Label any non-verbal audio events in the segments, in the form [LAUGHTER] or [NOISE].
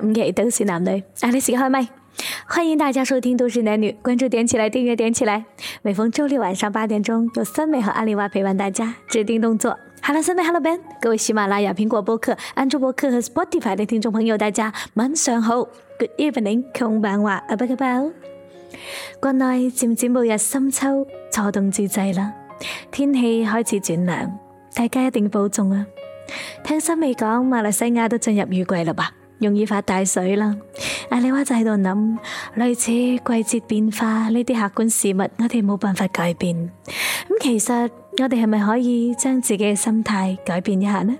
唔該，都市男女，阿、啊、麗開咪？歡迎大家收聽《都市男女》，關注點起來，訂閱點起來。每逢周六晚上八點鐘，有森美和阿麗娃陪伴大家，指定動作。Hello，森美，Hello Ben，各位喜馬拉雅、蘋果播客、安卓播客和 Spotify 的聽眾朋友，大家晚上好，Good evening，c o m bang 康板話 b o u t 國內漸漸步入深秋，初冬之際啦，天氣開始轉涼，大家一定保重啊！聽森美講，馬來西亞都進入雨季了吧？容易發大水啦！阿你話就喺度諗，類似季節變化呢啲客觀事物，我哋冇辦法改變。咁其實我哋係咪可以將自己嘅心態改變一下呢？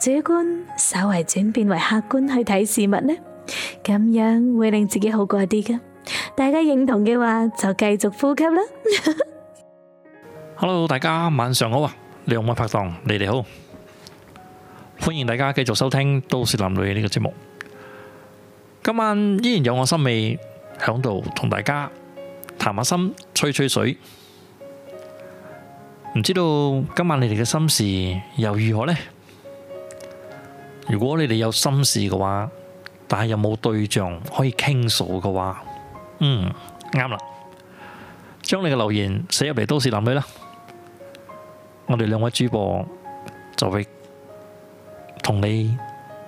主觀稍為轉變為客觀去睇事物呢？咁樣會令自己好過啲㗎。大家認同嘅話，就繼續呼吸啦。Hello，大家晚上好啊！你我拍檔，你哋好。歡迎大家繼續收聽《都市男女》呢個節目。今晚依然有我心味響度同大家談下心，吹吹水。唔知道今晚你哋嘅心事又如何呢？如果你哋有心事嘅話，但係又冇對象可以傾訴嘅話，嗯，啱啦，將你嘅留言寫入嚟《都市男女》啦。我哋兩位主播就會。同你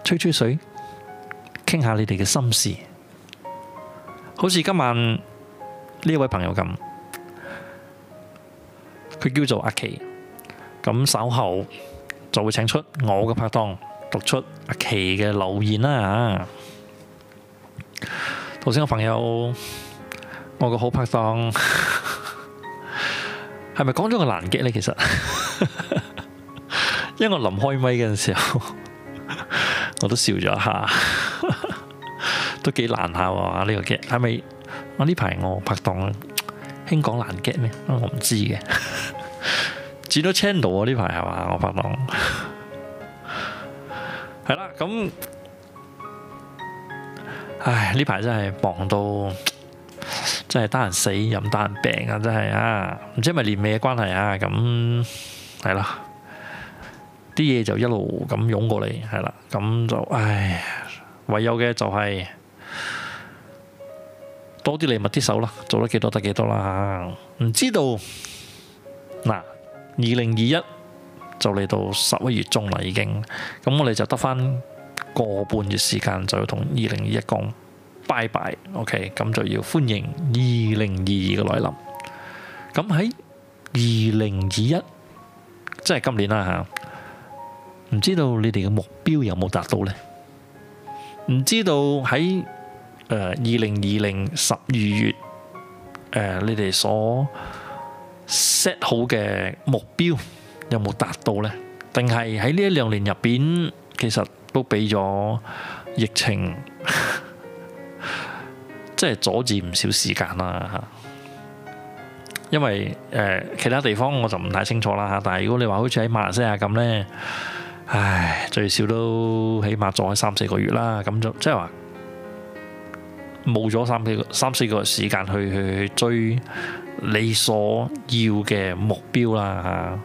吹吹水，傾下你哋嘅心事，好似今晚呢位朋友咁，佢叫做阿琪，咁稍後就會請出我嘅拍檔讀出阿琪嘅留言啦。頭先個朋友，我個好拍檔，係咪講咗個難記呢？其實， [LAUGHS] 因為我臨開咪嘅時候。我都笑咗下， [LAUGHS] 都幾難下喎、啊。呢、這個 get 係咪？我呢排我拍檔，香港難 get 咩？我唔知嘅，至多 channel 啊！呢排係嘛？我拍檔，係 [LAUGHS] 啦。咁，唉，呢排真係忙到，真係得閒死唔得閒病啊！真係啊，唔知係咪年尾嘅關係啊？咁係啦。啲嘢就一路咁湧過嚟，係啦，咁就唉，唯有嘅就係、是、多啲禮物啲手啦，做得幾多得幾多啦，唔、啊、知道嗱，二零二一就嚟到十一月中啦，已經，咁我哋就得翻個半月時間就要同二零二一講拜拜，OK，咁就要歡迎二零二二嘅來臨，咁喺二零二一，即係今年啦嚇。啊唔知道你哋嘅目標有冇達到呢？唔知道喺誒二零二零十二月誒、呃，你哋所 set 好嘅目標有冇達到呢？定係喺呢一兩年入邊，其實都俾咗疫情即係 [LAUGHS] 阻止唔少時間啦。因為誒、呃、其他地方我就唔太清楚啦嚇，但係如果你話好似喺馬來西亞咁呢。唉，最少都起碼做咗三四個月啦，咁就即係話冇咗三四個三四個時間去去，去追你所要嘅目標啦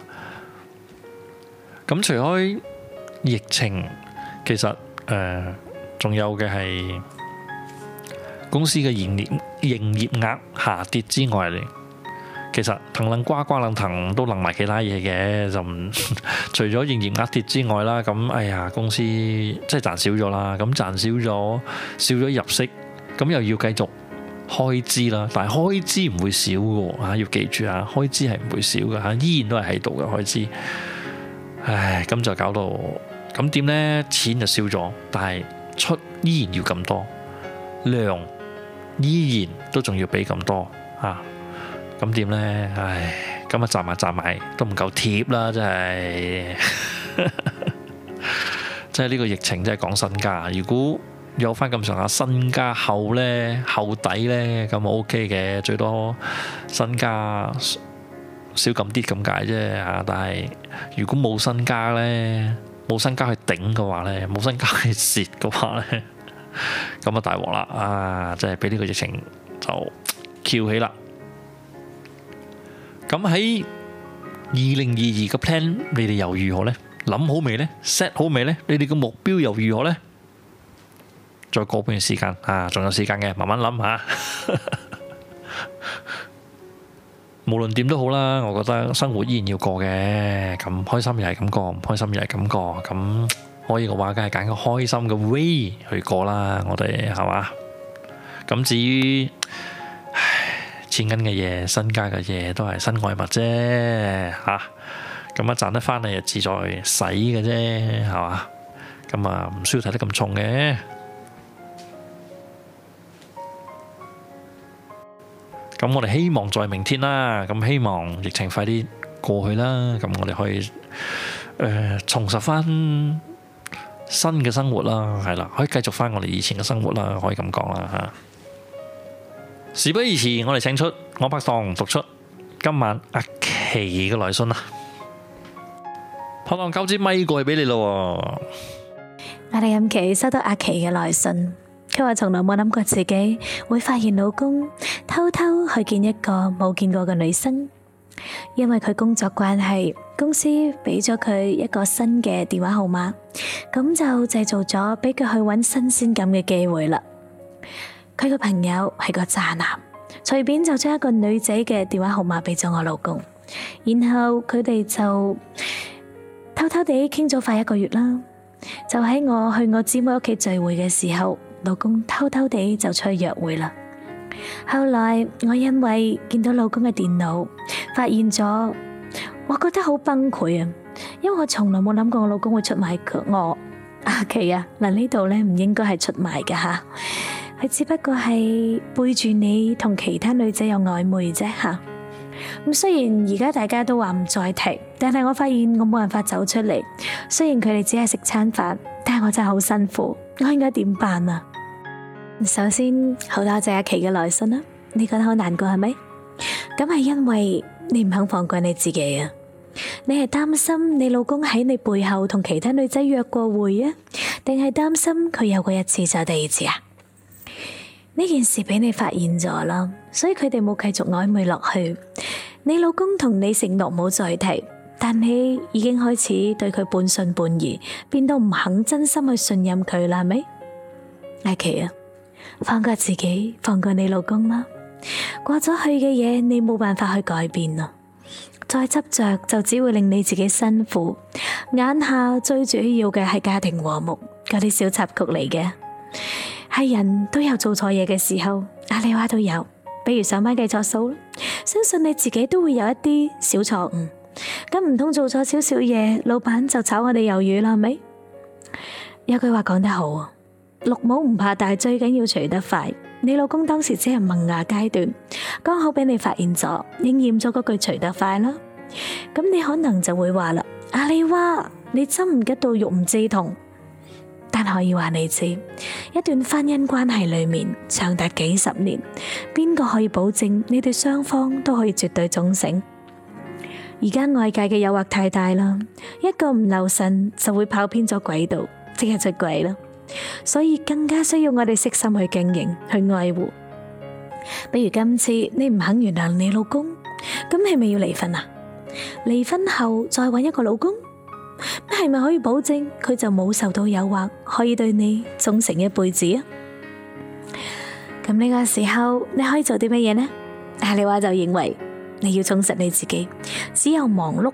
嚇。咁、啊、除開疫情，其實誒仲、呃、有嘅係公司嘅營業營業額下跌之外。其實藤捻瓜瓜捻藤都能埋其他嘢嘅，就 [LAUGHS] 除咗營業額跌之外啦，咁哎呀公司真係賺少咗啦，咁賺少咗，少咗入息，咁又要繼續開支啦，但係開支唔會少嘅吓、啊，要記住啊，開支係唔會少嘅吓、啊，依然都係喺度嘅開支，唉，咁就搞到咁點呢？錢就少咗，但係出依然要咁多，量依然都仲要俾咁多啊。咁點呢？唉，咁咪站埋站埋都唔夠貼啦，真係！ [LAUGHS] 真係呢個疫情真係講身家。如果有翻咁上下身家厚呢，厚底呢，咁 ok 嘅，最多身家少咁啲咁解啫。但係如果冇身家呢，冇身家去頂嘅話呢，冇身家去蝕嘅話呢，咁啊大鑊啦！啊，真係俾呢個疫情就翹起啦～咁喺二零二二嘅 plan，你哋又如何呢？諗好未呢？set 好未呢？你哋嘅目標又如何呢？再過半段時間啊，仲有時間嘅，慢慢諗吓。無論點都好啦，我覺得生活依然要過嘅，咁開心又係咁過，唔開心又係咁過。咁可以嘅話，梗係揀個開心嘅 way 去過啦。我哋係嘛？咁至於。錢銀嘅嘢，身家嘅嘢都係身外物啫，吓，咁啊賺得翻嚟，就自在使嘅啫，係嘛，咁啊唔需要睇得咁重嘅。咁我哋希望在明天啦，咁希望疫情快啲過去啦，咁我哋可以誒重拾翻新嘅生活啦，係啦，可以繼續翻我哋以前嘅生活啦，可以咁講啦吓。事不宜遲，我哋請出我拍檔讀出今晚阿琪嘅來信啦。拍檔，交支咪過去俾你咯。我哋任琪收到阿琪嘅來信，佢話從來冇諗過自己會發現老公偷偷去見一個冇見過嘅女生，因為佢工作關係，公司俾咗佢一個新嘅電話號碼，咁就製造咗俾佢去揾新鮮感嘅機會啦。佢個朋友係個渣男，隨便就將一個女仔嘅電話號碼俾咗我老公，然後佢哋就偷偷地傾咗快一個月啦。就喺我去我姊妹屋企聚會嘅時候，老公偷偷地就出去約會啦。後來我因為見到老公嘅電腦，發現咗，我覺得好崩潰啊！因為我從來冇諗過我老公會出賣我。阿琪啊，嗱呢度咧唔應該係出賣㗎吓。佢只不過係背住你同其他女仔有曖昧啫吓。咁雖然而家大家都話唔再提，但係我發現我冇辦法走出嚟。雖然佢哋只係食餐飯，但係我真係好辛苦。我應該點辦啊？首先，好感謝阿琪嘅來信啦。你覺得好難過係咪？咁係因為你唔肯放過你自己啊。你係擔心你老公喺你背後同其他女仔約過會啊？定係擔心佢有過一次就第二次啊？呢件事俾你發現咗啦，所以佢哋冇繼續曖昧落去。你老公同你承諾冇再提，但你已經開始對佢半信半疑，變到唔肯真心去信任佢啦，係咪？麗琪啊，放過自己，放過你老公啦。過咗去嘅嘢，你冇辦法去改變啊。再執着就只會令你自己辛苦。眼下最主要嘅係家庭和睦，嗰啲小插曲嚟嘅。係人都有做錯嘢嘅時候，阿里娃都有，比如上班計錯數，相信你自己都會有一啲小錯誤。咁唔通做錯少少嘢，老闆就炒我哋魷魚啦？係咪？有句話講得好，啊：「綠帽唔怕大，最緊要除得快。你老公當時只係萌芽階段，剛好俾你發現咗，應驗咗嗰句除得快啦。咁你可能就會話啦，阿里娃，你真唔吉到肉唔知痛。」但可以話你知，一段婚姻關係裏面長達幾十年，邊個可以保證你哋雙方都可以絕對忠誠？而家外界嘅誘惑太大啦，一個唔留神就會跑偏咗軌道，即係出軌啦。所以更加需要我哋悉心去經營，去愛護。比如今次你唔肯原諒你老公，咁係咪要離婚啊？離婚後再搵一個老公？你係咪可以保證佢就冇受到誘惑，可以對你忠誠一輩子啊？咁呢個時候你可以做啲乜嘢呢？阿里話就認為你要充實你自己，只有忙碌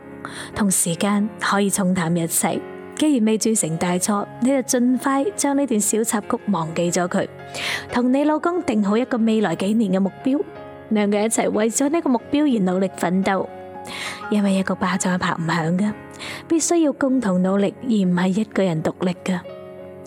同時間可以沖淡一切。既然未鑄成大錯，你就盡快將呢段小插曲忘記咗佢，同你老公定好一個未來幾年嘅目標，兩個一齊為咗呢個目標而努力奮鬥，因為一個巴掌拍唔響噶。必須要共同努力，而唔係一個人獨立噶。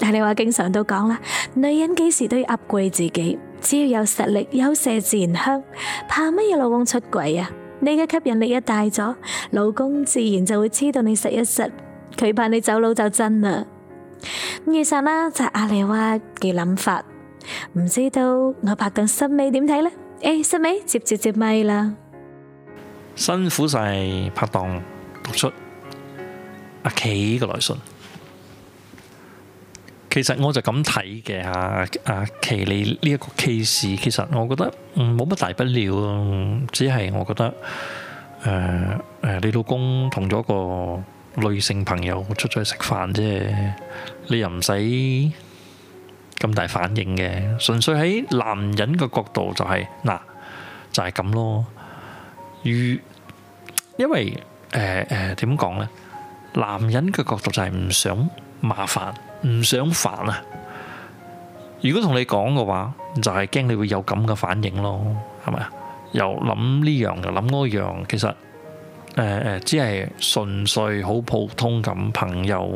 阿麗娃話經常都講啦，女人幾時都要 Upgrade 自己，只要有實力，有麝自然香，怕乜嘢老公出軌啊？你嘅吸引力一大咗，老公自然就會知道你實一實，佢怕你走佬就真啦。咁以上啦就阿麗娃嘅諗法，唔知道我拍檔新美點睇呢？欸，誒，新美接接接咪啦，辛苦晒拍檔讀出。阿琪嘅來信，其實我就咁睇嘅吓。阿、啊啊、琪，你呢一個 case，其實我覺得冇乜大不了咯，只係我覺得誒誒、呃呃，你老公同咗個女性朋友出咗去食飯啫，你又唔使咁大反應嘅。純粹喺男人嘅角度就係、是、嗱，就係、是、咁咯。如，因為誒誒，點講咧？呃男人嘅角度就係唔想麻煩，唔想煩啊。如果同你講嘅話，就係驚你會有咁嘅反應咯，係咪啊？又諗呢樣，又諗嗰樣，其實誒誒，只係純粹好普通咁，朋友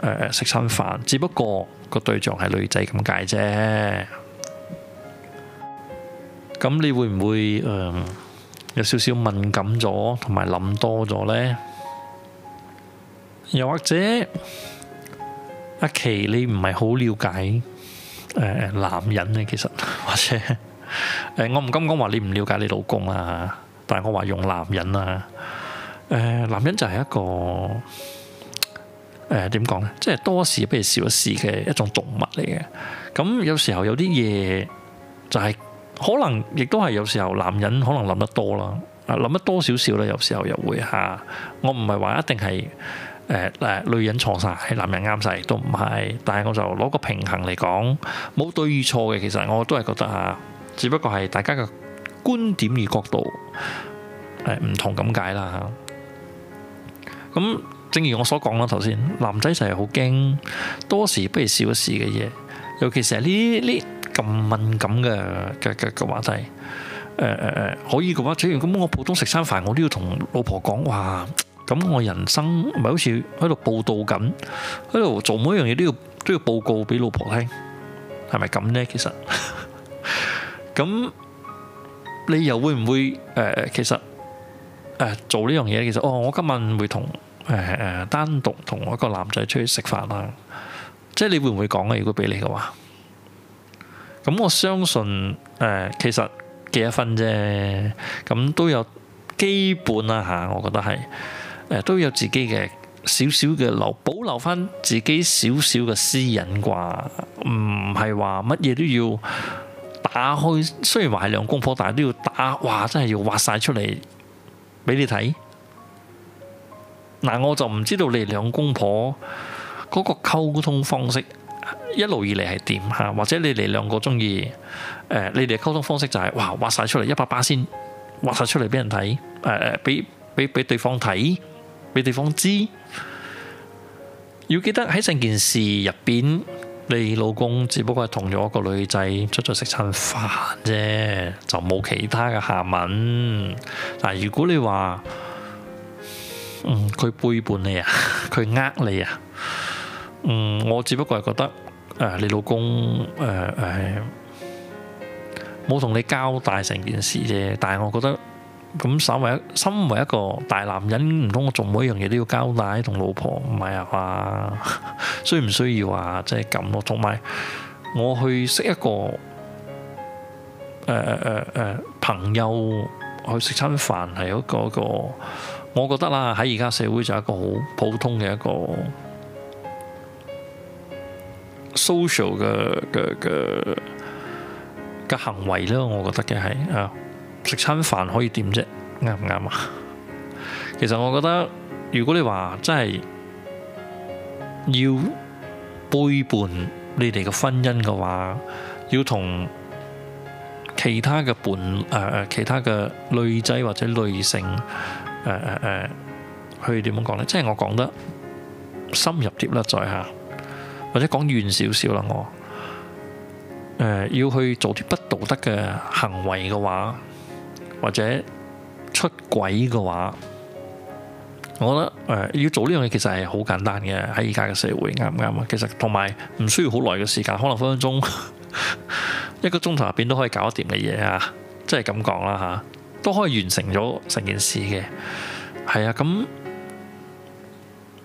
誒誒食餐飯，只不過個對象係女仔咁解啫。咁你會唔會誒有少少敏感咗，同埋諗多咗呢？又或者阿琪，你唔係好了解誒、呃，男人啊，其實或者誒、呃，我唔敢講話你唔了解你老公啦，但係我話用男人啦，誒、呃，男人就係一個誒點講咧，即係多事不如少一事嘅一種動物嚟嘅。咁有時候有啲嘢就係、是、可能亦都係有時候男人可能諗得多啦，啊諗得多少少咧，有時候又會吓、啊。我唔係話一定係。誒誒、呃，女人錯曬，男人啱晒，都唔係。但係我就攞個平衡嚟講，冇對與錯嘅。其實我都係覺得啊，只不過係大家嘅觀點與角度誒、唔、呃、同咁解啦嚇。咁、嗯、正如我所講啦，頭先男仔就係好驚多事不如少事嘅嘢，尤其是係呢呢咁敏感嘅嘅嘅話題。誒誒誒，可以嘅話，即係如果我普通食餐飯，我都要同老婆講話。咁我人生咪好似喺度報道緊，喺度做每一樣嘢都要都要報告俾老婆聽，係咪咁咧？其實咁 [LAUGHS] 你又會唔會誒、呃？其實誒、呃、做呢樣嘢其實哦，我今晚會同誒誒單獨同一個男仔出去食飯啊！即係你會唔會講啊？如果俾你嘅話，咁我相信誒、呃，其實幾一分啫，咁都有基本啦嚇，我覺得係。都有自己嘅少少嘅留保留翻自己少少嘅私隱啩，唔係話乜嘢都要打開。雖然話係兩公婆，但係都要打，哇！真係要挖晒出嚟，俾你睇。嗱、呃，我就唔知道你哋兩公婆嗰個溝通方式一路以嚟係點吓，或者你哋兩個中意、呃、你哋嘅溝通方式就係、是、哇挖晒出嚟，一百巴仙挖晒出嚟俾人睇，誒、呃、誒、俾俾對方睇。畀地方知，要記得喺成件事入邊，你老公只不過係同咗一個女仔出咗食餐飯啫，就冇其他嘅下文。但如果你話，嗯，佢背叛你啊，佢呃你啊，嗯，我只不過係覺得，誒、呃、你老公誒誒冇同你交代成件事啫，但係我覺得。咁稍微一，身為一個大男人，唔通我做每一樣嘢都要交代同老婆唔係啊？需唔 [LAUGHS] 需要啊？即係咁咯。同埋，我去識一個誒誒誒誒朋友去食餐飯，係一個一個，一個，我覺得啦、啊，喺而家社會就係一個好普通嘅一個 social 嘅嘅嘅嘅行為咯。我覺得嘅係啊。食餐飯可以點啫？啱唔啱啊？其實我覺得，如果你話真係要背叛你哋嘅婚姻嘅話，要同其他嘅伴誒誒，其他嘅女仔或者女性誒誒誒，去點樣講咧？即係我講得深入啲啦，在下或者講遠少少啦，我誒、呃、要去做啲不道德嘅行為嘅話。或者出軌嘅話，我覺得誒、呃、要做呢樣嘢，其實係好簡單嘅。喺而家嘅社會，啱唔啱啊？其實同埋唔需要好耐嘅時間，可能分分鐘 [LAUGHS] 一個鐘頭入邊都可以搞掂嘅嘢啊！即係咁講啦，嚇都可以完成咗成件事嘅。係啊，咁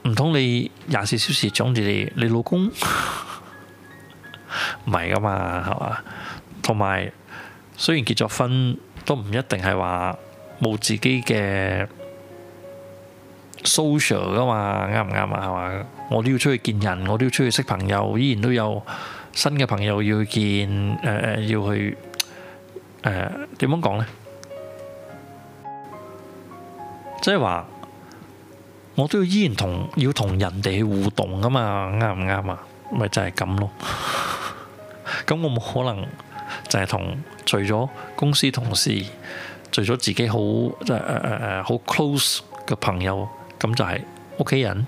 唔通你廿四小時掌住你你老公唔係噶嘛，係嘛？同埋雖然結咗婚。都唔一定係話冇自己嘅 social 噶嘛，啱唔啱啊？係嘛，我都要出去見人，我都要出去識朋友，依然都有新嘅朋友要見，誒誒，要去誒點樣講咧？即係話我都要依然同要同人哋互動噶嘛，啱唔啱啊？咪就係咁咯，咁我冇可能。就係同除咗公司同事，除咗自己好即係誒誒誒好 close 嘅朋友，咁就係屋企人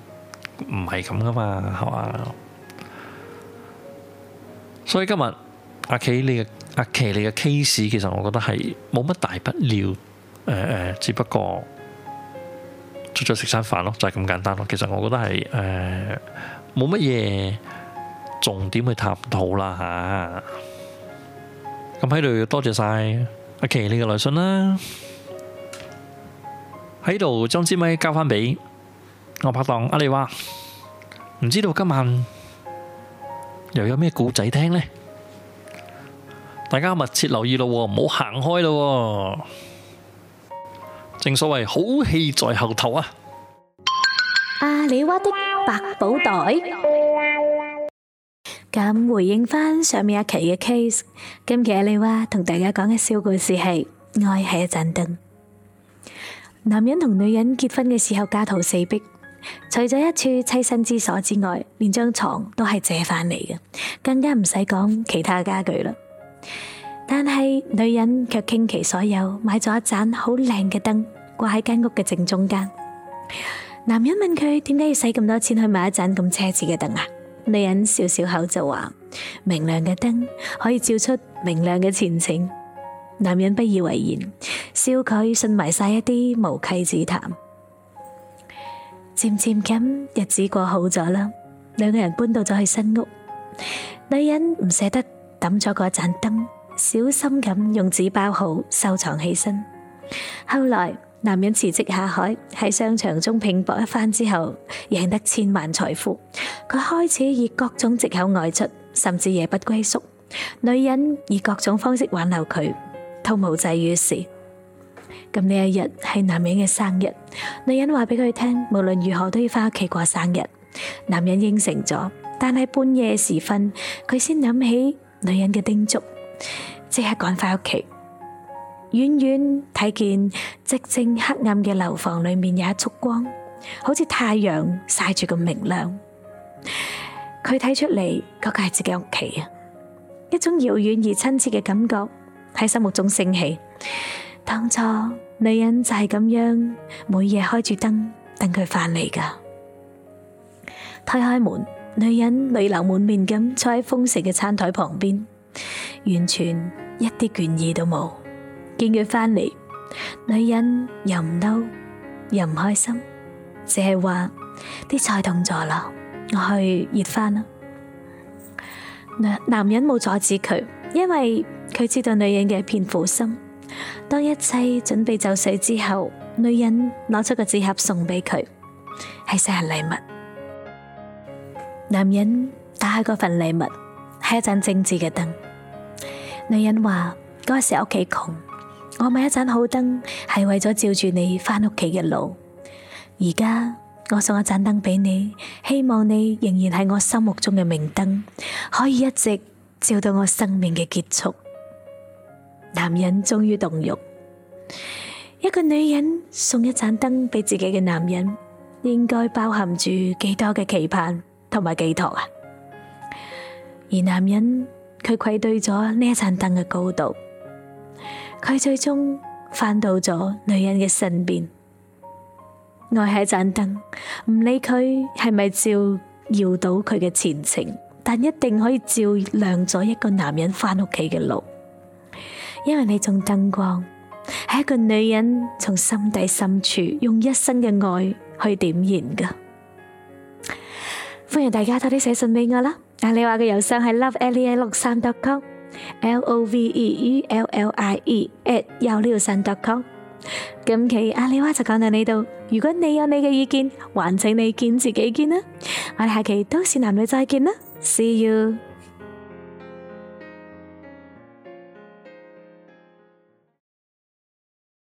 唔係咁噶嘛，係嘛？所以今日阿琪，你嘅阿琪你嘅 case 其實我覺得係冇乜大不了，誒、呃、誒，只不過出咗食餐飯咯，就係、是、咁簡單咯。其實我覺得係誒冇乜嘢重點去探討啦嚇。啊。咁喺度多謝晒阿琪你嘅來信啦，喺度將支咪交翻俾我拍檔阿里哇，唔知道今晚又有咩故仔聽呢，大家密切留意咯，唔好行開咯，正所謂好戲在後頭啊！阿里哇的百寶袋。咁回應返上面一期嘅 case，今期阿李話同大家講嘅小故事係：愛係一盞燈。男人同女人結婚嘅時候，家徒四壁，除咗一處棲身之所之外，連張床都係借返嚟嘅，更加唔使講其他家具啦。但係女人卻傾其所有買咗一盞好靚嘅燈，掛喺間屋嘅正中間。男人問佢：點解要使咁多錢去買一盞咁奢侈嘅燈啊？女人笑笑口就話：明亮嘅燈可以照出明亮嘅前程。男人不以為然，笑佢信埋晒一啲無稽之談。漸漸咁日子過好咗啦，兩個人搬到咗去新屋。女人唔捨得抌咗嗰盞燈，小心咁用紙包好收藏起身。後來。男人辭職下海，喺商場中拼搏一番之後，贏得千萬財富。佢開始以各種藉口外出，甚至夜不歸宿。女人以各種方式挽留佢，都無濟於事。咁呢一日係男人嘅生日，女人話俾佢聽，無論如何都要返屋企過生日。男人應承咗，但係半夜時分，佢先諗起女人嘅叮囑，即刻趕返屋企。遠遠睇見寂靜黑暗嘅樓房裏面有一束光，好似太陽曬住咁明亮。佢睇出嚟，嗰個係自己屋企啊！一種遙遠而親切嘅感覺喺心目中升起。當初女人就係咁樣每夜開住燈等佢返嚟噶。推開門，女人淚流滿面咁坐喺豐盛嘅餐台旁邊，完全一啲倦意都冇。見佢返嚟，女人又唔嬲，又唔開心，只係話啲菜凍咗啦，我去熱翻啦。男人冇阻止佢，因為佢知道女人嘅一片苦心。當一切準備就緒之後，女人攞出個紙盒送俾佢，係生日禮物。男人打開嗰份禮物，係一盞精致嘅燈。女人話嗰時屋企窮。我買一盞好燈，係為咗照住你返屋企嘅路。而家我送一盞燈俾你，希望你仍然係我心目中嘅明燈，可以一直照到我生命嘅結束。男人終於動容，一個女人送一盞燈俾自己嘅男人，應該包含住幾多嘅期盼同埋寄託啊？而男人佢愧對咗呢一盞燈嘅高度。佢最終翻到咗女人嘅身邊，愛係一盞燈，唔理佢係咪照耀到佢嘅前程，但一定可以照亮咗一個男人翻屋企嘅路。因為你種燈光係一個女人從心底深處用一生嘅愛去點燃噶。歡迎大家多啲寫信俾我啦，但你話嘅郵箱係 l o v e l i a 六三 d o L O V E l l、I、E L L I E at 163 dot com。今期阿李話就講到呢度，如果你有你嘅意見，還請你見字己見啦。我哋下期都市男女再見啦，See you。